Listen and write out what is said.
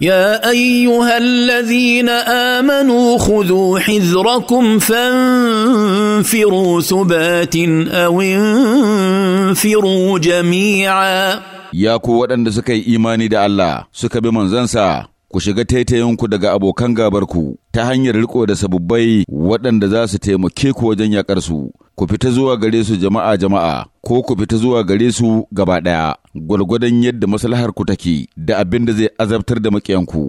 يا ايها الذين امنوا خذوا حذركم فانفروا ثبات او انفروا جميعا ya ko waɗanda suka yi imani da Allah suka bi ku shiga taitayinku daga abokan gabarku ta hanyar riko da sabubbai waɗanda za su taimake ku wajen yaƙarsu ku fita zuwa gare su jama'a jama'a ko ku fita zuwa gare su gaba ɗaya, gwargwadon yadda maslahar ku take da abin da zai azabtar da maƙiyanku.